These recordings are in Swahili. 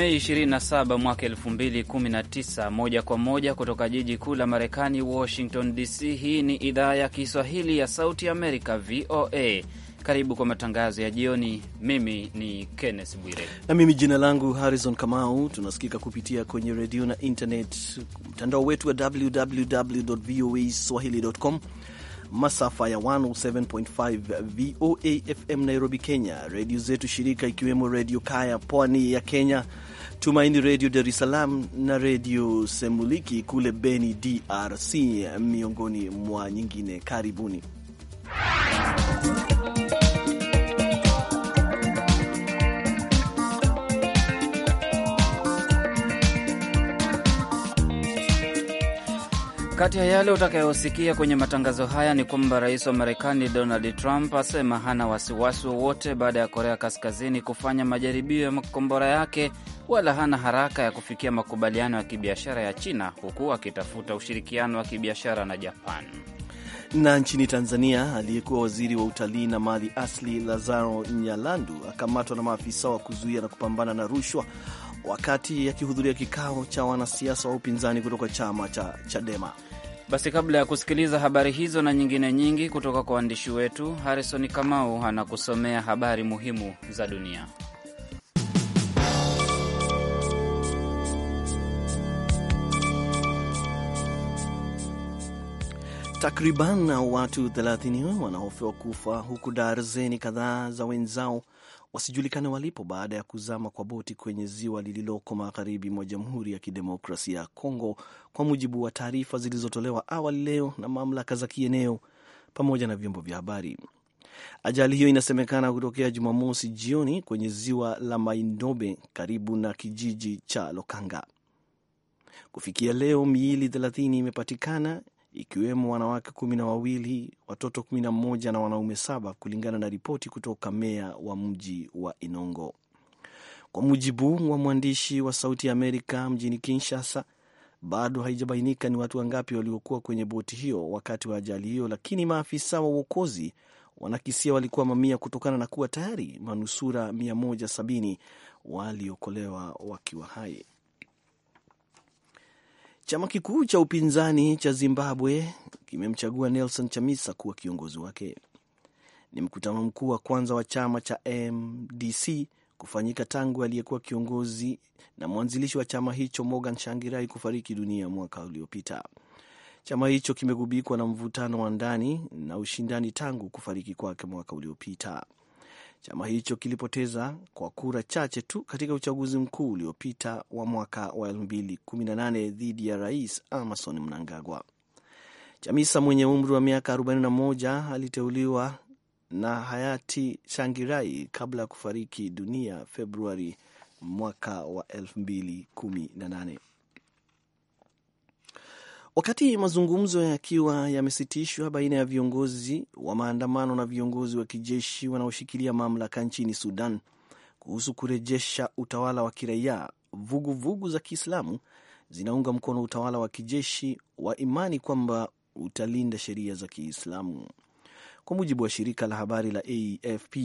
Mei 27 mwaka 2019, moja kwa moja kutoka jiji kuu la Marekani, Washington DC. Hii ni idhaa ya Kiswahili ya Sauti Amerika, VOA. Karibu kwa matangazo ya jioni. Mimi ni Kenneth Bwire na mimi jina langu Harrison Kamau. Tunasikika kupitia kwenye redio na internet, mtandao wetu wa www voa swahili.com, masafa ya 107.5 VOA FM Nairobi, Kenya, redio zetu shirika, ikiwemo Redio Kaya pwani ya Kenya, Tumaini Redio Dar es Salaam na Redio Semuliki kule Beni, DRC, miongoni mwa nyingine. Karibuni. Kati ya yale utakayosikia kwenye matangazo haya ni kwamba rais wa Marekani Donald Trump asema hana wasiwasi wowote baada ya Korea Kaskazini kufanya majaribio ya makombora yake wala hana haraka ya kufikia makubaliano ya kibiashara ya China, huku akitafuta ushirikiano wa kibiashara na Japan. Na nchini Tanzania, aliyekuwa waziri wa utalii na mali asili Lazaro Nyalandu akamatwa na maafisa wa kuzuia na kupambana na rushwa wakati akihudhuria kikao cha wanasiasa wa upinzani kutoka chama cha Chadema. Basi kabla ya kusikiliza habari hizo na nyingine nyingi kutoka kwa waandishi wetu, Harrison Kamau anakusomea habari muhimu za dunia. Takriban watu 30 wanahofiwa kufa huku darzeni kadhaa za wenzao wasijulikane walipo baada ya kuzama kwa boti kwenye ziwa lililoko magharibi mwa Jamhuri ya Kidemokrasia ya Kongo, kwa mujibu wa taarifa zilizotolewa awali leo na mamlaka za kieneo pamoja na vyombo vya habari. Ajali hiyo inasemekana kutokea Jumamosi jioni kwenye ziwa la Maindombe karibu na kijiji cha Lokanga. Kufikia leo miili 30 imepatikana ikiwemo wanawake kumi na wawili, watoto kumi na mmoja na wanaume saba, kulingana na ripoti kutoka meya wa mji wa Inongo. Kwa mujibu wa mwandishi wa Sauti ya Amerika mjini Kinshasa, bado haijabainika ni watu wangapi waliokuwa kwenye boti hiyo wakati wa ajali hiyo, lakini maafisa wa uokozi wanakisia walikuwa mamia, kutokana na kuwa tayari manusura 170 waliokolewa wakiwa hai. Chama kikuu cha upinzani cha Zimbabwe kimemchagua Nelson Chamisa kuwa kiongozi wake. Ni mkutano mkuu wa kwanza wa chama cha MDC kufanyika tangu aliyekuwa kiongozi na mwanzilishi wa chama hicho Morgan Shangirai kufariki dunia mwaka uliopita. Chama hicho kimegubikwa na mvutano wa ndani na ushindani tangu kufariki kwake mwaka uliopita. Chama hicho kilipoteza kwa kura chache tu katika uchaguzi mkuu uliopita wa mwaka wa 2018 dhidi ya Rais Amason Mnangagwa. Chamisa mwenye umri wa miaka 41 aliteuliwa na hayati shangirai kabla ya kufariki dunia Februari mwaka wa 2018. Wakati mazungumzo yakiwa yamesitishwa baina ya viongozi wa maandamano na viongozi wa kijeshi wanaoshikilia mamlaka nchini Sudan kuhusu kurejesha utawala wa kiraia, vuguvugu za Kiislamu zinaunga mkono utawala wa kijeshi wa imani kwamba utalinda sheria za Kiislamu. Kwa mujibu wa shirika la habari la AFP,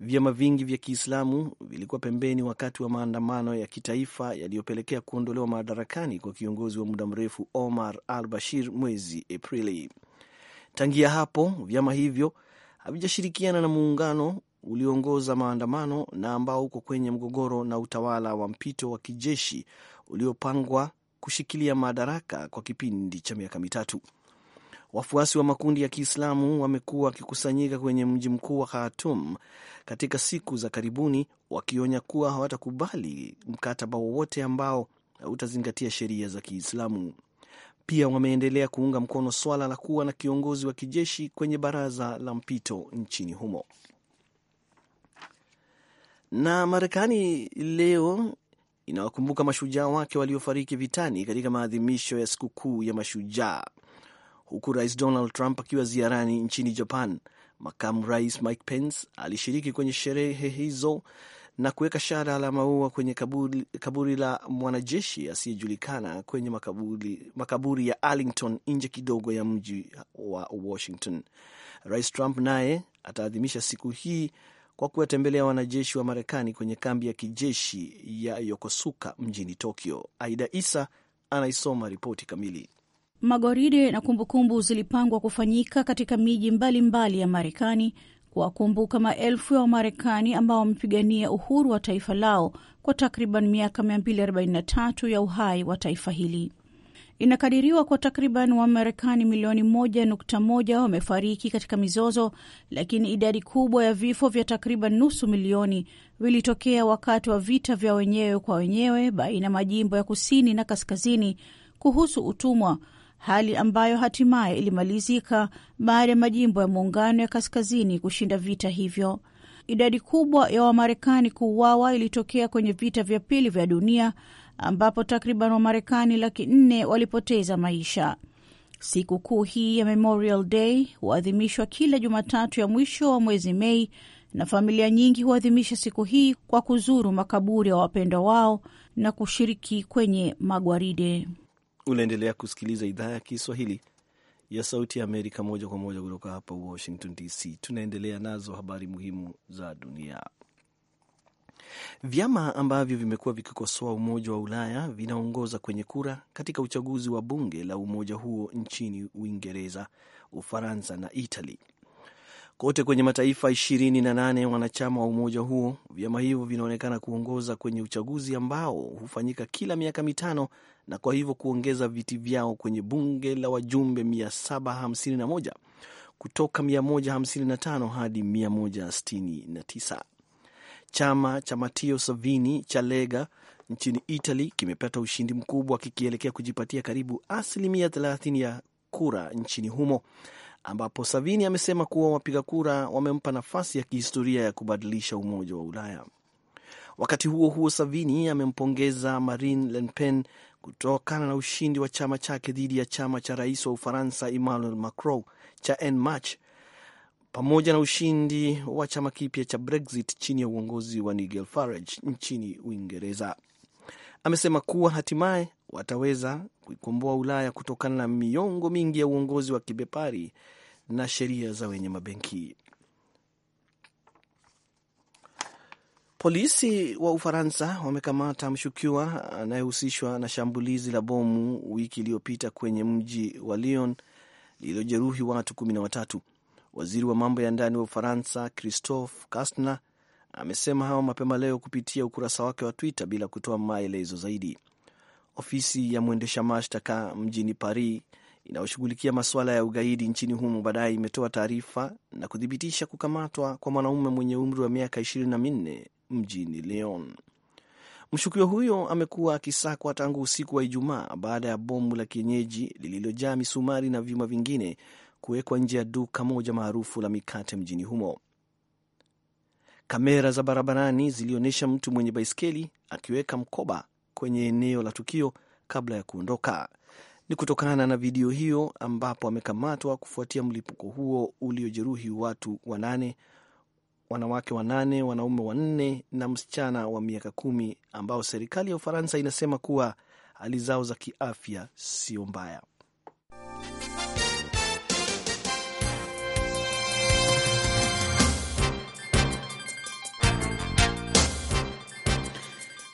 Vyama vingi vya Kiislamu vilikuwa pembeni wakati wa maandamano ya kitaifa yaliyopelekea kuondolewa madarakani kwa kiongozi wa muda mrefu Omar al Bashir mwezi Aprili. Tangia hapo vyama hivyo havijashirikiana na muungano ulioongoza maandamano na ambao uko kwenye mgogoro na utawala wa mpito wa kijeshi uliopangwa kushikilia madaraka kwa kipindi cha miaka mitatu. Wafuasi wa makundi ya Kiislamu wamekuwa wakikusanyika kwenye mji mkuu wa Khartoum katika siku za karibuni, wakionya kuwa hawatakubali mkataba wowote ambao hautazingatia sheria za Kiislamu. Pia wameendelea kuunga mkono swala la kuwa na kiongozi wa kijeshi kwenye baraza la mpito nchini humo. Na Marekani leo inawakumbuka mashujaa wake waliofariki vitani katika maadhimisho ya sikukuu ya mashujaa Huku Rais Donald Trump akiwa ziarani nchini Japan, makamu rais Mike Pence alishiriki kwenye sherehe hizo na kuweka shada la maua kwenye kaburi, kaburi la mwanajeshi asiyejulikana kwenye makaburi, makaburi ya Arlington nje kidogo ya mji wa Washington. Rais Trump naye ataadhimisha siku hii kwa kuwatembelea wanajeshi wa Marekani kwenye kambi ya kijeshi ya Yokosuka mjini Tokyo. Aida Isa anaisoma ripoti kamili. Magwaride na kumbukumbu zilipangwa kufanyika katika miji mbalimbali mbali ya Marekani kuwakumbuka maelfu ya Wamarekani ambao wamepigania uhuru wa taifa lao kwa takriban miaka 243 ya uhai wa taifa hili. Inakadiriwa kwa takriban Wamarekani milioni 1.1 wamefariki katika mizozo, lakini idadi kubwa ya vifo vya takriban nusu milioni vilitokea wakati wa vita vya wenyewe kwa wenyewe baina ya majimbo ya kusini na kaskazini kuhusu utumwa hali ambayo hatimaye ilimalizika baada ya majimbo ya muungano ya kaskazini kushinda vita hivyo. Idadi kubwa ya Wamarekani kuuawa ilitokea kwenye vita vya pili vya dunia ambapo takriban Wamarekani laki nne walipoteza maisha. siku kuu hii ya Memorial Day huadhimishwa kila Jumatatu ya mwisho wa mwezi Mei, na familia nyingi huadhimisha siku hii kwa kuzuru makaburi ya wa wapendwa wao na kushiriki kwenye magwaride. Unaendelea kusikiliza idhaa ya Kiswahili ya Sauti ya Amerika moja kwa moja kutoka hapa Washington DC. Tunaendelea nazo habari muhimu za dunia. Vyama ambavyo vimekuwa vikikosoa Umoja wa Ulaya vinaongoza kwenye kura katika uchaguzi wa bunge la umoja huo nchini Uingereza, Ufaransa na itali kote kwenye mataifa ishirini na nane wanachama wa umoja huo. Vyama hivyo vinaonekana kuongoza kwenye uchaguzi ambao hufanyika kila miaka mitano na kwa hivyo kuongeza viti vyao kwenye bunge la wajumbe 751 kutoka 155 hadi 169. Chama cha Matteo Salvini cha Lega nchini Italy kimepata ushindi mkubwa kikielekea kujipatia karibu asilimia 30 ya kura nchini humo ambapo savini amesema kuwa wapiga kura wamempa nafasi ya kihistoria ya kubadilisha umoja wa Ulaya. Wakati huo huo, savini amempongeza Marine Le Pen kutokana na ushindi wa chama chake dhidi ya chama cha rais wa Ufaransa Emmanuel Macron cha En Marche pamoja na ushindi wa chama kipya cha Brexit chini ya uongozi wa Nigel Farage nchini Uingereza. Amesema kuwa hatimaye wataweza kuikomboa Ulaya kutokana na miongo mingi ya uongozi wa kibepari na sheria za wenye mabenki. Polisi wa Ufaransa wamekamata mshukiwa anayehusishwa na shambulizi la bomu wiki iliyopita kwenye mji wa Lyon lililojeruhi watu kumi na watatu. Waziri wa mambo ya ndani wa Ufaransa Christophe Castaner amesema hayo mapema leo kupitia ukurasa wake wa Twitter bila kutoa maelezo zaidi. Ofisi ya mwendesha mashtaka mjini Paris inayoshughulikia masuala ya ugaidi nchini humo baadaye imetoa taarifa na kuthibitisha kukamatwa kwa mwanaume mwenye umri wa miaka ishirini na minne mjini Leon. Mshukiwa huyo amekuwa akisakwa tangu usiku wa Ijumaa baada ya bomu la kienyeji lililojaa misumari na vyuma vingine kuwekwa nje ya duka moja maarufu la mikate mjini humo. Kamera za barabarani zilionyesha mtu mwenye baiskeli akiweka mkoba kwenye eneo la tukio kabla ya kuondoka. Ni kutokana na video hiyo ambapo amekamatwa kufuatia mlipuko huo uliojeruhi watu wanane, wanawake wanane, wanaume wanne na msichana wa miaka kumi ambao serikali ya Ufaransa inasema kuwa hali zao za kiafya sio mbaya.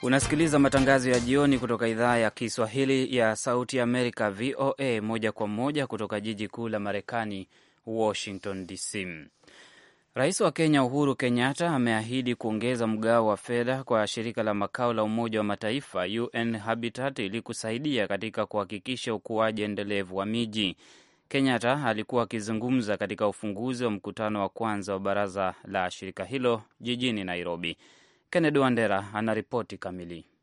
Unasikiliza matangazo ya jioni kutoka idhaa ya Kiswahili ya Sauti Amerika, VOA, moja kwa moja kutoka jiji kuu la Marekani, Washington DC. Rais wa Kenya Uhuru Kenyatta ameahidi kuongeza mgao wa fedha kwa shirika la makao la Umoja wa Mataifa UN Habitat ili kusaidia katika kuhakikisha ukuaji endelevu wa miji. Kenyatta alikuwa akizungumza katika ufunguzi wa mkutano wa kwanza wa baraza la shirika hilo jijini Nairobi. Kennedy Wandera anaripoti kamili.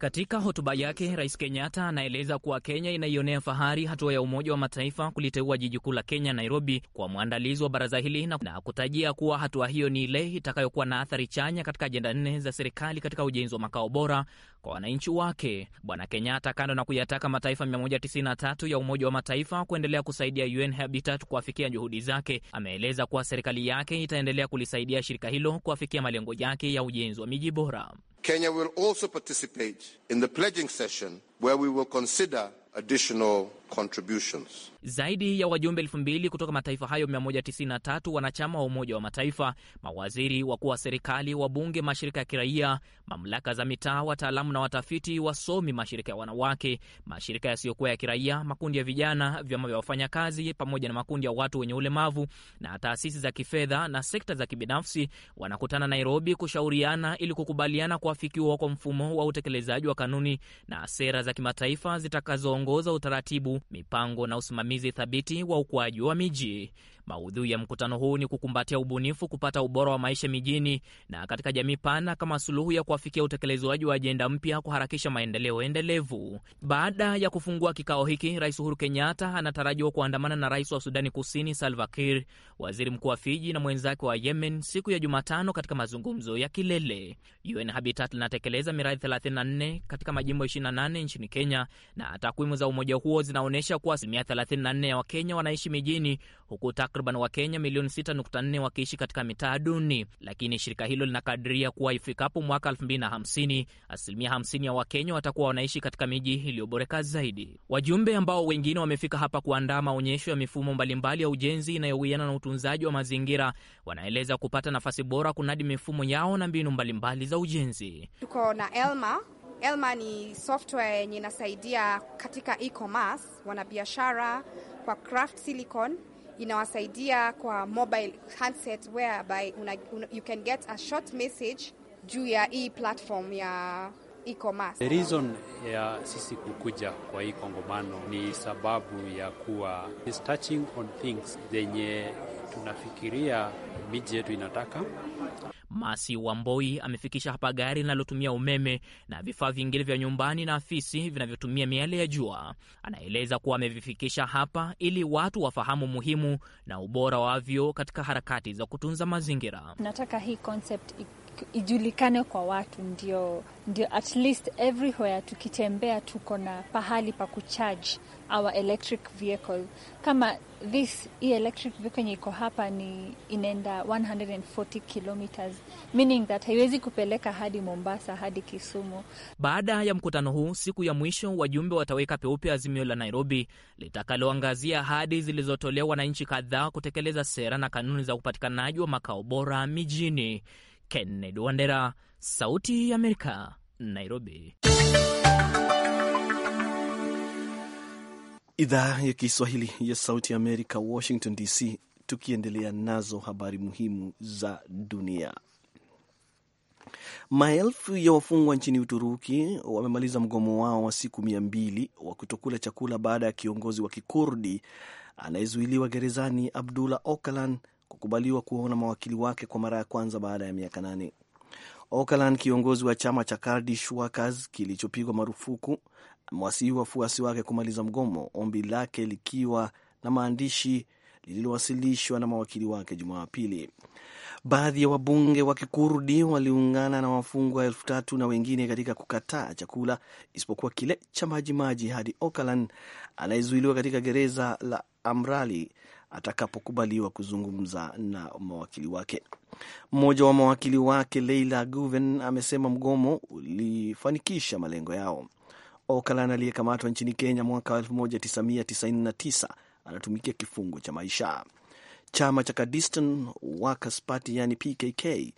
Katika hotuba yake, Rais Kenyatta anaeleza kuwa Kenya inaionea fahari hatua ya Umoja wa Mataifa kuliteua jiji kuu la Kenya, Nairobi, kwa mwandalizi wa baraza hili na kutajia kuwa hatua hiyo ni ile itakayokuwa na athari chanya katika ajenda nne za serikali katika ujenzi wa makao bora kwa wananchi wake. Bwana Kenyatta, kando na kuyataka mataifa 193 ya Umoja wa Mataifa kuendelea kusaidia UN Habitat kuafikia juhudi zake, ameeleza kuwa serikali yake itaendelea kulisaidia shirika hilo kuafikia malengo yake ya ujenzi wa miji bora. Kenya will also participate in the pledging session where we will consider additional contributions. Zaidi ya wajumbe elfu mbili kutoka mataifa hayo 193 wanachama wa Umoja wa Mataifa, mawaziri wakuu wa serikali, wabunge, mashirika ya kiraia, mamlaka za mitaa, wataalamu na watafiti, wasomi, mashirika ya wanawake, mashirika yasiyokuwa ya kiraia, makundi ya vijana, vyama vya wafanyakazi, pamoja na makundi ya watu wenye ulemavu na taasisi za kifedha na sekta za kibinafsi wanakutana Nairobi kushauriana ili kukubaliana kuafikiwa kwa mfumo wa utekelezaji wa kanuni na sera za kimataifa zitakazoongoza utaratibu mipango na usimamizi thabiti wa ukuaji wa miji. Maudhui ya mkutano huu ni kukumbatia ubunifu, kupata ubora wa maisha mijini na katika jamii pana kama suluhu ya kuafikia utekelezwaji wa ajenda mpya, kuharakisha maendeleo endelevu. Baada ya kufungua kikao hiki, Rais Uhuru Kenyatta anatarajiwa kuandamana na rais wa Sudani Kusini Salva Kiir, waziri mkuu wa Fiji na mwenzake wa Yemen siku ya Jumatano katika mazungumzo ya kilele. UN Habitat linatekeleza miradi 34 katika majimbo 28 nchini Kenya, na takwimu za umoja huo zinaonyesha kuwa asilimia 34 ya Wakenya wanaishi mijini huku takriban Wakenya milioni 6.4 wakiishi katika mitaa duni, lakini shirika hilo linakadiria kuwa ifikapo mwaka 2050 asilimia 50 ya Wakenya watakuwa wanaishi katika miji iliyoboreka zaidi. Wajumbe ambao wengine wamefika hapa kuandaa maonyesho ya mifumo mbalimbali ya ujenzi inayowiana na utunzaji wa mazingira, wanaeleza kupata nafasi bora kunadi mifumo yao na mbinu mbalimbali mbali za ujenzi. Tuko na Elma. Elma ni software yenye inasaidia katika e-commerce, wanabiashara kwa craft silicon inawasaidia kwa mobile handset whereby una, una, you can get a short message juu ya hii platform ya e-commerce. The reason ya sisi kukuja kwa hii kongomano ni sababu ya kuwa is touching on things zenye tunafikiria miji yetu inataka. Masi Wamboi amefikisha hapa gari linalotumia umeme na vifaa vingine vya nyumbani na afisi vinavyotumia miale ya jua. Anaeleza kuwa amevifikisha hapa ili watu wafahamu muhimu na ubora wavyo katika harakati za kutunza mazingira. Nataka hii concept ijulikane kwa watu, ndio, ndio at least everywhere tukitembea tuko na pahali pa kuchaji our electric vehicle kama this hii electric vehicle yenye iko hapa ni inaenda 140 kilometers meaning that haiwezi kupeleka hadi Mombasa hadi Kisumu. Baada ya mkutano huu, siku ya mwisho, wajumbe wataweka peupe azimio la Nairobi litakaloangazia ahadi zilizotolewa wananchi kadhaa kutekeleza sera na kanuni za upatikanaji wa makao bora mijini. Kennedy Wandera, Sauti ya Amerika, Nairobi. Idhaa ya Kiswahili ya Sauti ya Amerika, Washington DC, tukiendelea nazo habari muhimu za dunia. Maelfu ya wafungwa nchini Uturuki wamemaliza mgomo wao wa siku mia mbili wa kutokula chakula baada ya kiongozi wa Kikurdi anayezuiliwa gerezani Abdullah Ocalan kukubaliwa kuona mawakili wake kwa mara ya kwanza baada ya miaka nane. Ocalan, kiongozi wa chama cha Kurdish Workers kilichopigwa marufuku, amewasihi wafuasi wake kumaliza mgomo, ombi lake likiwa na maandishi lililowasilishwa na mawakili wake Jumapili. Baadhi ya wabunge wa Kikurdi waliungana na wafungwa elfu tatu na wengine katika kukataa chakula isipokuwa kile cha majimaji hadi Ocalan anayezuiliwa katika gereza la Amrali atakapokubaliwa kuzungumza na mawakili wake. Mmoja wa mawakili wake Leila Guven amesema mgomo ulifanikisha malengo yao okalan aliyekamatwa nchini Kenya mwaka 1999 anatumikia kifungo cha maisha. Chama cha Kurdistan Workers Party yani PKK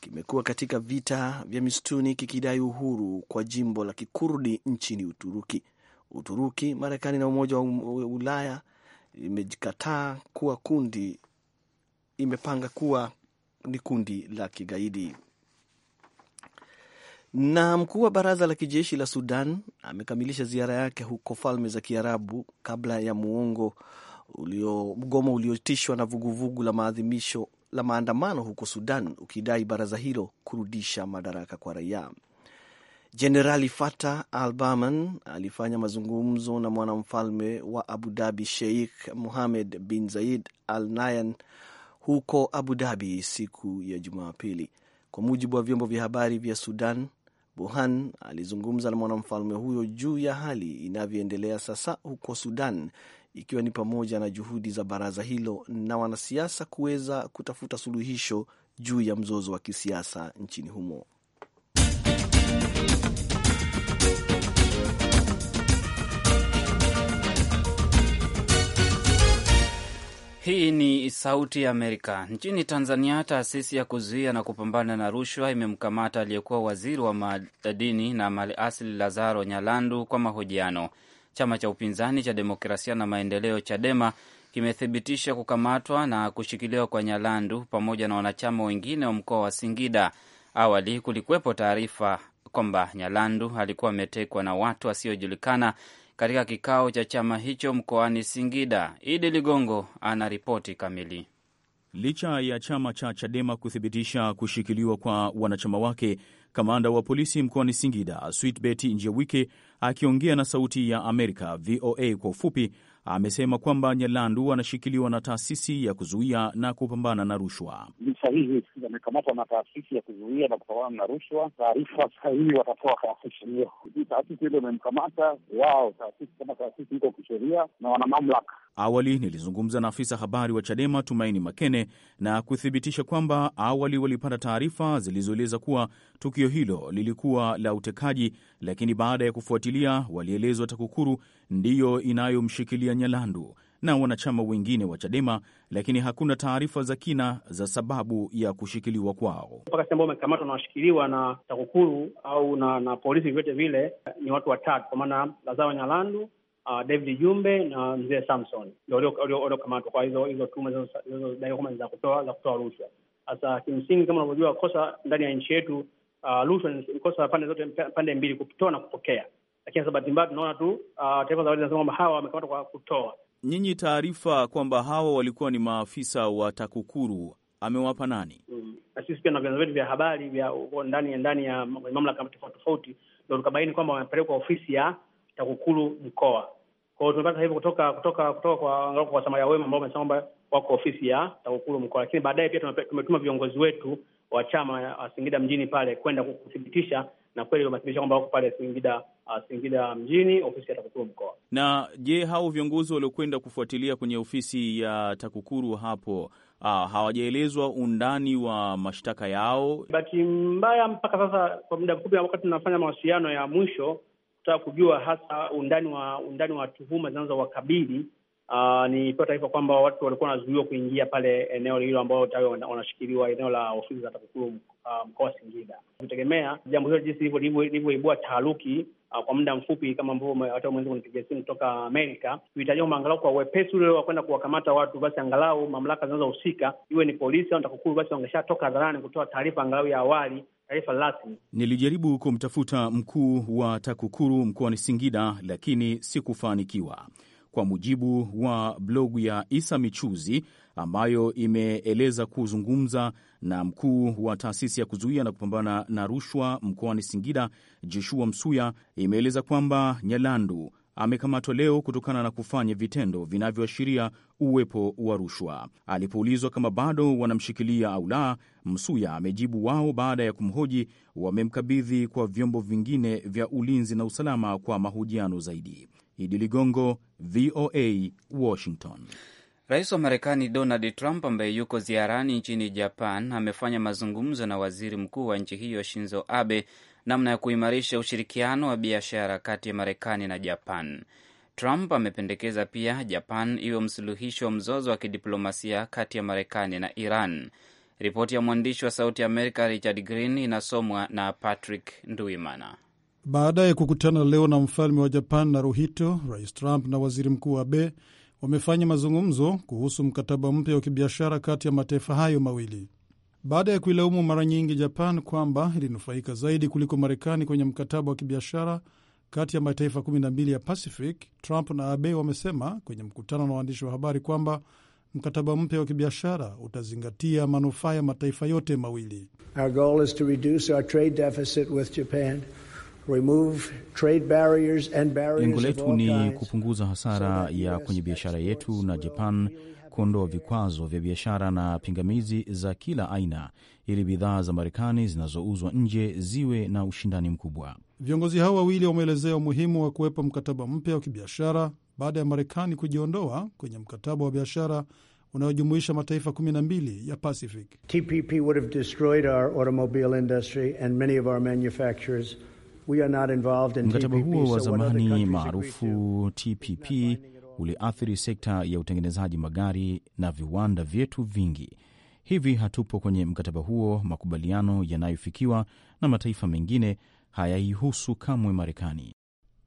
kimekuwa katika vita vya misituni kikidai uhuru kwa jimbo la kikurdi nchini Uturuki. Uturuki, Marekani na Umoja wa Ulaya imejikataa kuwa kundi imepanga kuwa ni kundi la kigaidi. Na mkuu wa baraza la kijeshi la Sudan amekamilisha ziara yake huko Falme za Kiarabu kabla ya muongo ulio, mgomo uliotishwa na vuguvugu la maadhimisho la maandamano huko Sudan ukidai baraza hilo kurudisha madaraka kwa raia. Jenerali Fatah al baman alifanya mazungumzo na mwanamfalme wa Abu Dhabi Sheikh muhamed bin zaid Al Nayan huko Abu Dhabi siku ya Jumapili, kwa mujibu wa vyombo vya habari vya Sudan buhan alizungumza na mwanamfalme huyo juu ya hali inavyoendelea sasa huko Sudan, ikiwa ni pamoja na juhudi za baraza hilo na wanasiasa kuweza kutafuta suluhisho juu ya mzozo wa kisiasa nchini humo. Hii ni Sauti ya Amerika. Nchini Tanzania, taasisi ya kuzuia na kupambana na rushwa imemkamata aliyekuwa waziri wa madini na asili Lazaro Nyalandu kwa mahojiano. Chama cha upinzani cha Demokrasia na Maendeleo, CHADEMA, kimethibitisha kukamatwa na kushikiliwa kwa Nyalandu pamoja na wanachama wengine wa mkoa wa Singida. Awali kulikuwepo taarifa kwamba Nyalandu alikuwa ametekwa na watu wasiojulikana katika kikao cha chama hicho mkoani Singida. Idi Ligongo ana ripoti kamili. Licha ya chama cha Chadema kuthibitisha kushikiliwa kwa wanachama wake, kamanda wa polisi mkoani Singida Switbet Njewike akiongea na Sauti ya Amerika VOA kwa ufupi amesema kwamba Nyalandu anashikiliwa na taasisi ya kuzuia na kupambana na rushwa. Ni sahihi, amekamatwa na taasisi ya kuzuia na kupambana na rushwa. Taarifa sahihi watatoa taasisi hiyo, taasisi ile imemkamata wao. Taasisi kama taasisi iko kisheria na wana mamlaka. Awali nilizungumza na afisa habari wa CHADEMA Tumaini Makene na kuthibitisha kwamba awali walipata taarifa zilizoeleza kuwa tukio hilo lilikuwa la utekaji, lakini baada ya kufuatilia walielezwa TAKUKURU ndiyo inayomshikilia Nyalandu na wanachama wengine wa Chadema, lakini hakuna taarifa za kina za sababu ya kushikiliwa kwao mpaka sasa. Ambao wamekamatwa na washikiliwa na TAKUKURU au na, na polisi vyote vile ni watu watatu, kwa maana Lazaro Nyalandu, uh, David Jumbe na mzee Samson ndio waliokamatwa kwa hizo hizo tuma kama za kutoa rushwa. Sasa kimsingi, kama unavyojua, kosa ndani ya nchi yetu uh, rushwa ilikosa pande zote, pande mbili, kutoa na kupokea, lakini sasa bahati mbaya tunaona tu uh, taarifa za awali zinasema kwamba hawa wamekamatwa kwa kutoa. Nyinyi taarifa kwamba hawa walikuwa ni maafisa wa TAKUKURU amewapa nani? Mm, na Mm. sisi pia na vyanzo vyetu vya habari vya ndani ya ndani ya mamlaka tofauti tofauti ndo tukabaini kwamba wamepelekwa ofisi ya TAKUKURU mkoa. Kwa hiyo tumepata hivyo kutoka kutoka kutoka kwa kwa wasamaria Wema ambao wamesema kwamba wako ofisi ya TAKUKURU mkoa, lakini baadaye pia tumetuma viongozi wetu wa chama wa uh, Singida mjini pale kwenda kuthibitisha na kweli wamethibitisha kwamba wako pale Singida uh, Singida mjini ofisi ya TAKUKURU mkoa. Na je, hao viongozi waliokwenda kufuatilia kwenye ofisi ya TAKUKURU hapo uh, hawajaelezwa undani wa mashtaka yao? Bahati mbaya mpaka sasa, kwa muda mfupi, wakati tunafanya mawasiliano ya mwisho, kutaka kujua hasa undani wa undani wa tuhuma zinazowakabili Uh, ah, nilipewa taarifa kwamba watu walikuwa wanazuiwa kuingia pale eneo hilo ambao tayari wanashikiliwa, eneo la ofisi za TAKUKURU uh, mkoa wa Singida. Kutegemea jambo hilo jinsi lilivyoibua taharuki uh, kwa muda mfupi, kama ambavyo watu wameweza kunipigia simu kutoka Amerika, tuhitajia kwamba angalau kwa wepesi ule wa kwenda kuwakamata watu, basi angalau mamlaka zinazohusika iwe ni polisi au TAKUKURU, basi wangeshatoka hadharani kutoa taarifa angalau ya awali Nilijaribu kumtafuta mkuu wa TAKUKURU mkoani Singida lakini sikufanikiwa kwa mujibu wa blogu ya Isa Michuzi ambayo imeeleza kuzungumza na mkuu wa taasisi ya kuzuia na kupambana na rushwa mkoani Singida, Joshua Msuya, imeeleza kwamba Nyalandu amekamatwa leo kutokana na kufanya vitendo vinavyoashiria uwepo wa rushwa. Alipoulizwa kama bado wanamshikilia au la, Msuya amejibu wao baada ya kumhoji wamemkabidhi kwa vyombo vingine vya ulinzi na usalama kwa mahojiano zaidi. Idi Ligongo, VOA Washington. Rais wa Marekani Donald Trump ambaye yuko ziarani nchini Japan amefanya mazungumzo na waziri mkuu wa nchi hiyo Shinzo Abe namna ya kuimarisha ushirikiano wa biashara kati ya Marekani na Japan. Trump amependekeza pia Japan iwe msuluhishi wa mzozo wa kidiplomasia kati ya Marekani na Iran. Ripoti ya mwandishi wa Sauti ya Amerika Richard Green inasomwa na Patrick Nduimana. Baada ya kukutana leo na mfalme wa Japan Naruhito, Rais Trump na waziri mkuu Abe wamefanya mazungumzo kuhusu mkataba mpya wa kibiashara kati ya mataifa hayo mawili. Baada ya kuilaumu mara nyingi Japan kwamba ilinufaika zaidi kuliko Marekani kwenye mkataba wa kibiashara kati ya mataifa 12 ya Pacific, Trump na Abe wamesema kwenye mkutano na waandishi wa habari kwamba mkataba mpya wa kibiashara utazingatia manufaa ya mataifa yote mawili. Our goal is to reduce our trade deficit with Japan Lengo letu ni kupunguza hasara so ya kwenye biashara yetu na Japan, kuondoa vikwazo vya biashara na pingamizi za kila aina, ili bidhaa za Marekani zinazouzwa nje ziwe na ushindani mkubwa. Viongozi hao wawili wameelezea umuhimu wa kuwepo mkataba mpya wa kibiashara baada ya Marekani kujiondoa kwenye mkataba wa biashara unayojumuisha mataifa 12 ya Pacific. TPP would have destroyed our automobile industry and many of our manufacturers Mkataba huo wa zamani maarufu TPP uliathiri sekta ya utengenezaji magari na viwanda vyetu vingi. Hivi hatupo kwenye mkataba huo. Makubaliano yanayofikiwa na mataifa mengine hayaihusu kamwe Marekani.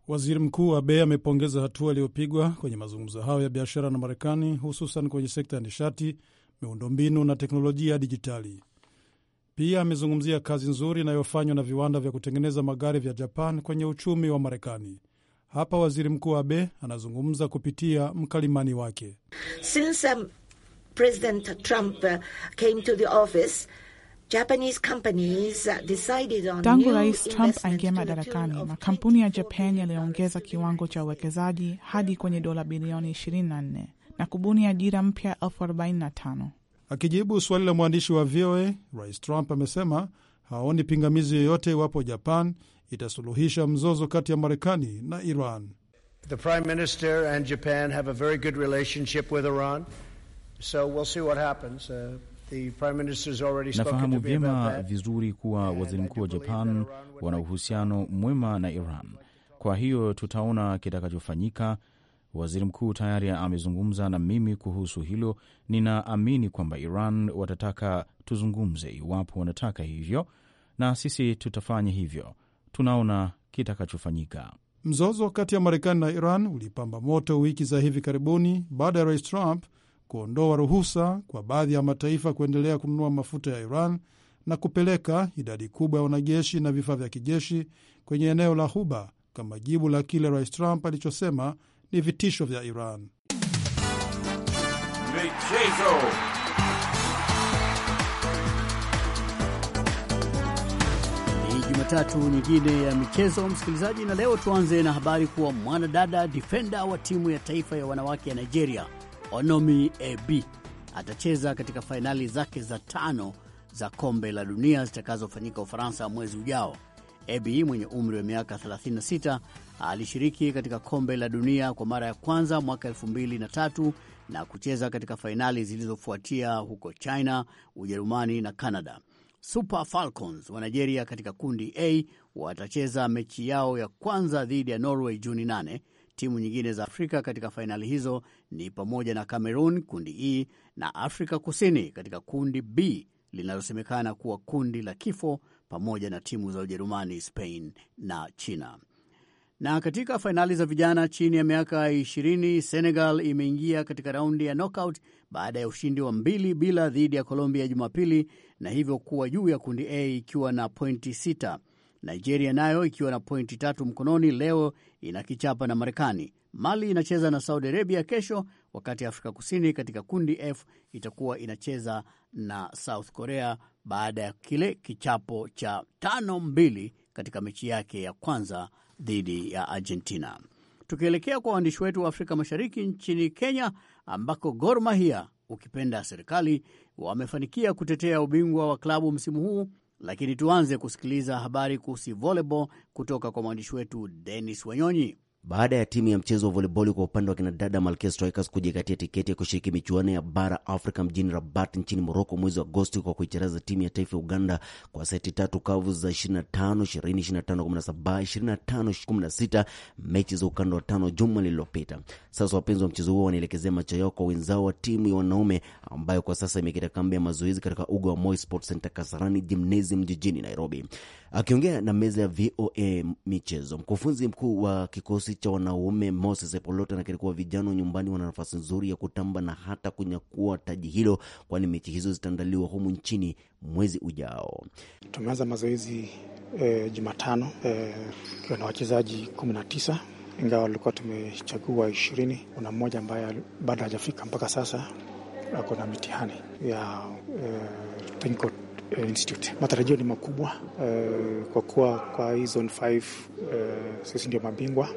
Waziri Mkuu Abe amepongeza hatua iliyopigwa kwenye mazungumzo hayo ya biashara na Marekani, hususan kwenye sekta ya nishati, miundombinu na teknolojia ya dijitali. Pia amezungumzia kazi nzuri inayofanywa na viwanda vya kutengeneza magari vya Japan kwenye uchumi wa Marekani. Hapa waziri mkuu Abe anazungumza kupitia mkalimani wake. Since, um, President Trump uh, came to the office, Japanese companies uh, decided on tangu Rais Trump aingia madarakani, makampuni ya Japan yaliyoongeza kiwango cha uwekezaji hadi kwenye dola bilioni 24 na kubuni ajira mpya elfu 45. Akijibu swali la mwandishi wa VOA, Rais Trump amesema haoni pingamizi yoyote iwapo Japan itasuluhisha mzozo kati ya Marekani na Iran. The Prime Minister and Japan have a very good relationship with Iran. So we'll see what happens. Uh, the Prime already spoken. Nafahamu vyema vizuri kuwa waziri mkuu wa Japan wana uhusiano mwema na Iran. Kwa hiyo tutaona kitakachofanyika Waziri mkuu tayari amezungumza na mimi kuhusu hilo. Ninaamini kwamba Iran watataka tuzungumze, iwapo wanataka hivyo, na sisi tutafanya hivyo. Tunaona kitakachofanyika. Mzozo kati ya Marekani na Iran ulipamba moto wiki za hivi karibuni baada ya rais Trump kuondoa ruhusa kwa baadhi ya mataifa kuendelea kununua mafuta ya Iran na kupeleka idadi kubwa ya wanajeshi na vifaa vya kijeshi kwenye eneo la huba kama jibu la kile rais Trump alichosema ni vitisho vya Iran. Michezo. Ni Jumatatu nyingine ya michezo, msikilizaji, na leo tuanze na habari kuwa mwanadada difenda wa timu ya taifa ya wanawake ya Nigeria Onomi Ebi atacheza katika fainali zake za tano za kombe la dunia zitakazofanyika Ufaransa mwezi ujao. Ebi mwenye umri wa miaka 36 alishiriki katika kombe la dunia kwa mara ya kwanza mwaka 2003 na kucheza katika fainali zilizofuatia huko China, Ujerumani na Canada. Super Falcons wa Nigeria katika kundi A watacheza mechi yao ya kwanza dhidi ya Norway Juni 8. Timu nyingine za Afrika katika fainali hizo ni pamoja na Cameroon kundi E na Afrika Kusini katika kundi B linalosemekana kuwa kundi la kifo pamoja na timu za Ujerumani, Spain na China. Na katika fainali za vijana chini ya miaka 20 Senegal imeingia katika raundi ya knockout baada ya ushindi wa mbili bila dhidi ya Colombia Jumapili, na hivyo kuwa juu ya kundi A ikiwa na pointi 6. Nigeria nayo ikiwa na pointi tatu mkononi, leo inakichapa na Marekani. Mali inacheza na Saudi Arabia kesho, wakati Afrika Kusini katika kundi F itakuwa inacheza na South Korea baada ya kile kichapo cha tano mbili katika mechi yake ya kwanza dhidi ya Argentina. Tukielekea kwa waandishi wetu wa Afrika Mashariki, nchini Kenya ambako Gor Mahia ukipenda serikali wamefanikia kutetea ubingwa wa klabu msimu huu. Lakini tuanze kusikiliza habari kuhusu volleyball kutoka kwa mwandishi wetu Denis Wanyonyi baada ya timu ya mchezo wa voleboli kwa upande wa kinadada Malkia Strikers kujikatia tiketi ya kushiriki michuano ya bara Africa mjini Rabat nchini Moroko mwezi Agosti kwa kuicharaza timu ya taifa ya Uganda kwa seti tatu kavu za 25 20 25 17 25 mechi za ukanda wa tano juma lililopita. Sasa wapenzi wa mchezo huo wanaelekezea macho yao kwa wenzao wa timu ya wanaume ambayo kwa sasa imekita kambi ya mazoezi katika uga wa Moi Sports Center Kasarani Gymnasium jijini Nairobi. Akiongea na meza ya VOA michezo, mkufunzi mkuu wa kikosi kikosi cha wanaume Moses Epolota na kilikuwa vijana wa nyumbani wana nafasi nzuri ya kutamba na hata kunyakua taji hilo, kwani mechi hizo zitaandaliwa humu nchini mwezi ujao. Tumeanza mazoezi e, Jumatano tukiwa eh, e, na wachezaji kumi na tisa ingawa walikuwa tumechagua ishirini. Kuna mmoja ambaye bado hajafika mpaka sasa, ako na mitihani ya e, Eh, institute. Matarajio ni makubwa uh, kwa kuwa kwa hii zone 5 uh, eh, sisi ndio mabingwa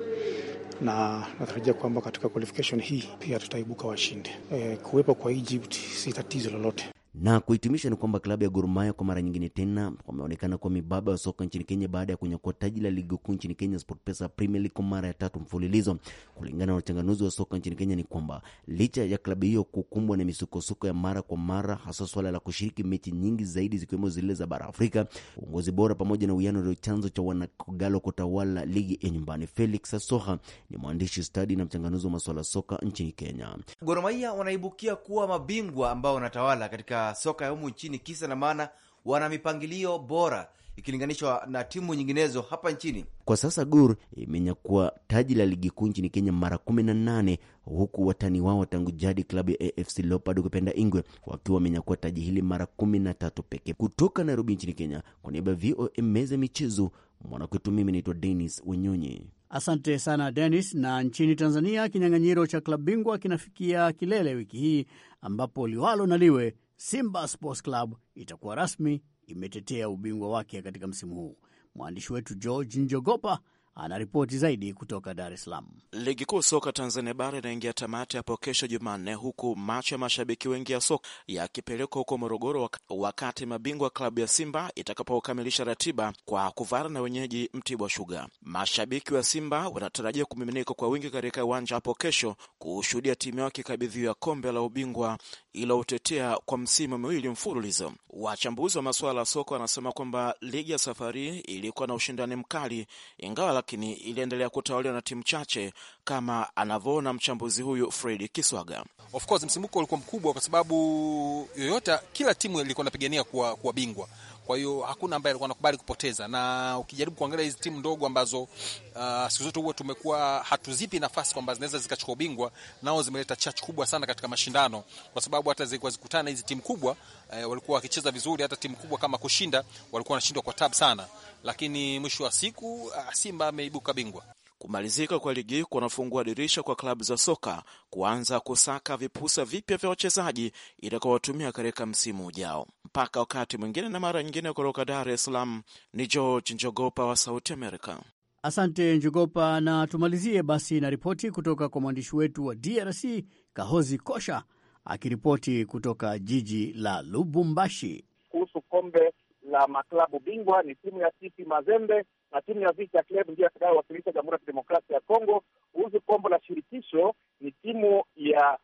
na natarajia kwamba katika qualification hii pia tutaibuka washindi. Uh, kuwepo kwa Egypt si tatizo lolote. Na kuhitimisha ni kwamba klabu ya Gor Mahia kwa mara nyingine tena wameonekana kuwa mibaba ya soka nchini Kenya baada ya kunyakua taji la ligi kuu nchini Kenya Sportpesa Premier League kwa mara ya tatu mfululizo. Kulingana na wachanganuzi wa soka nchini Kenya ni kwamba licha ya klabu hiyo kukumbwa na misukosuko ya mara kwa mara, hasa swala la kushiriki mechi nyingi zaidi zikiwemo zile za bara Afrika, uongozi bora pamoja na uwiano ndio chanzo cha wanakogalo kutawala ligi ya nyumbani. Felix Asoha ni mwandishi stadi na mchanganuzi wa masuala soka nchini Kenya. Gor Mahia wanaibukia kuwa mabingwa ambao wanatawala katika soka ya humu nchini, kisa na maana wana mipangilio bora ikilinganishwa na timu nyinginezo hapa nchini. Kwa sasa Gor imenyakua taji la ligi kuu nchini Kenya mara kumi na nane huku watani wao tangu jadi klabu ya AFC Leopards kupenda Ingwe wakiwa wamenyakua taji hili mara kumi na tatu pekee. Kutoka Nairobi nchini Kenya, kwa niaba ya VOA meza michezo, mwanakwetu mimi naitwa denis Wenyonyi. Asante sana denis Na nchini Tanzania, kinyang'anyiro cha klabu bingwa kinafikia kilele wiki hii ambapo Liwalo na Liwe Simba Sports Club itakuwa rasmi imetetea ubingwa wake katika msimu huu. Mwandishi wetu George Njogopa anaripoti zaidi kutoka Dar es Salaam. Ligi kuu soka Tanzania bara inaingia tamati hapo kesho Jumanne, huku macho ya mashabiki wengi ya soka yakipelekwa huko Morogoro, wakati mabingwa klabu ya Simba itakapokamilisha ratiba kwa kuvara na wenyeji Mtibwa Shuga. Mashabiki wa Simba wanatarajia kumiminika kwa wingi katika uwanja hapo kesho kushuhudia timu yao kikabidhiwa kombe la ubingwa iliyoutetea kwa msimu miwili mfululizo. Wachambuzi wa masuala ya soka wanasema kwamba ligi ya safari ilikuwa na ushindani mkali, ingawa lakini iliendelea kutawaliwa na timu chache, kama anavyoona mchambuzi huyu Fredi Kiswaga. Of course msimbuko ulikuwa mkubwa, kwa sababu yoyota, kila timu ilikuwa inapigania kuwa, kuwa bingwa kwa hiyo hakuna ambaye alikuwa anakubali kupoteza, na ukijaribu kuangalia hizi timu ndogo ambazo uh, siku zote huwa tumekuwa hatuzipi nafasi kwamba zinaweza zikachukua ubingwa, nao zimeleta chachu kubwa sana katika mashindano, kwa sababu hata zilikuwa zikutana hizi timu kubwa eh, walikuwa wakicheza vizuri, hata timu kubwa kama kushinda walikuwa wanashindwa kwa tabu sana, lakini mwisho wa siku uh, Simba ameibuka bingwa. Kumalizika kwa ligi kunafungua dirisha kwa klabu za soka kuanza kusaka vipusa vipya vya wachezaji itakaowatumia katika msimu ujao. Mpaka wakati mwingine na mara nyingine, kutoka Dar es Salaam ni George Njogopa wa Sauti Amerika. Asante Njogopa, na tumalizie basi na ripoti kutoka kwa mwandishi wetu wa DRC Kahozi Kosha akiripoti kutoka jiji la Lubumbashi kuhusu kombe la maklabu bingwa. Ni timu ya TP Mazembe na timu ya Vita Club ndiyo atakayowakilisha Jamhuri ya Kidemokrasia ya Kongo. Kuhusu kombo la shirikisho, ni timu ya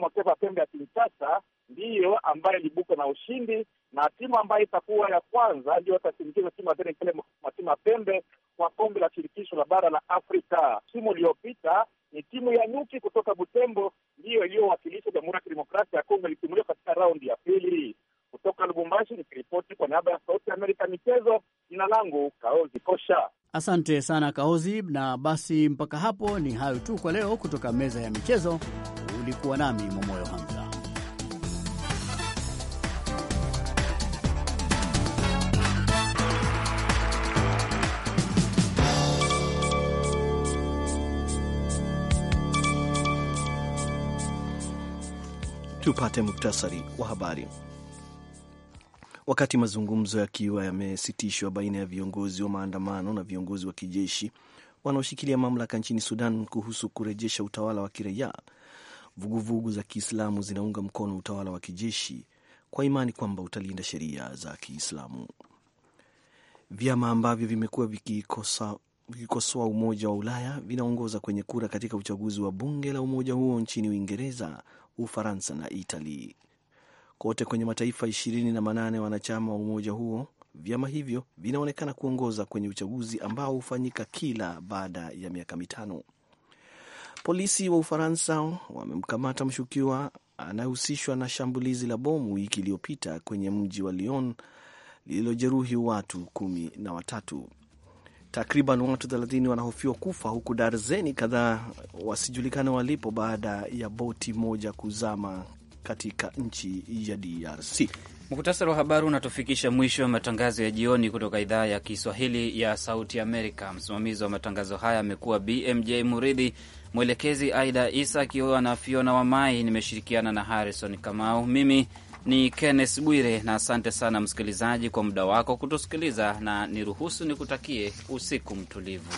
Mwakeva Pembe ya Kinshasa ndiyo ambayo ilibuka na ushindi, na timu ambayo itakuwa ya kwanza ndio itasindikiza timu ya Pembe kwa kombe la shirikisho la bara la Afrika. Timu iliyopita ni timu ya Nyuki kutoka Butembo, ndiyo iliyowakilisha Jamhuri ya Kidemokrasia ya Kongo, ilitimuliwa katika raundi ya pili. Kutoka Lubumbashi nikiripoti kwa niaba ya Sauti ya Amerika michezo, Jina langu Kaozi Kosha. Asante sana Kaozi. Na basi mpaka hapo ni hayo tu kwa leo, kutoka meza ya michezo. Ulikuwa nami Momoyo Hamza. Tupate muktasari wa habari wakati mazungumzo yakiwa yamesitishwa baina ya viongozi wa maandamano na viongozi wa kijeshi wanaoshikilia mamlaka nchini Sudan kuhusu kurejesha utawala wa kiraia. Vuguvugu za Kiislamu zinaunga mkono utawala wa kijeshi kwa imani kwamba utalinda sheria za Kiislamu. Vyama ambavyo vimekuwa vikikosoa vikikosoa Umoja wa Ulaya vinaongoza kwenye kura katika uchaguzi wa bunge la umoja huo nchini Uingereza, Ufaransa na Italy kote kwenye mataifa ishirini na manane wanachama wa umoja huo. Vyama hivyo vinaonekana kuongoza kwenye uchaguzi ambao hufanyika kila baada ya miaka mitano. Polisi wa Ufaransa wamemkamata mshukiwa anayehusishwa na shambulizi la bomu wiki iliyopita kwenye mji wa Lyon lililojeruhi watu kumi na watatu. Takriban watu 30 wanahofiwa kufa huku darzeni kadhaa wasijulikana walipo baada ya boti moja kuzama katika nchi ya DRC. Muhtasari wa habari unatufikisha mwisho wa matangazo ya jioni kutoka idhaa ya Kiswahili ya Sauti Amerika. Msimamizi wa matangazo haya amekuwa BMJ Muridhi, mwelekezi Aida Isa akiwa na Fiona Wamai. Nimeshirikiana na Harrison Kamau. Mimi ni Kenneth Bwire na asante sana msikilizaji kwa muda wako kutusikiliza, na niruhusu nikutakie usiku mtulivu.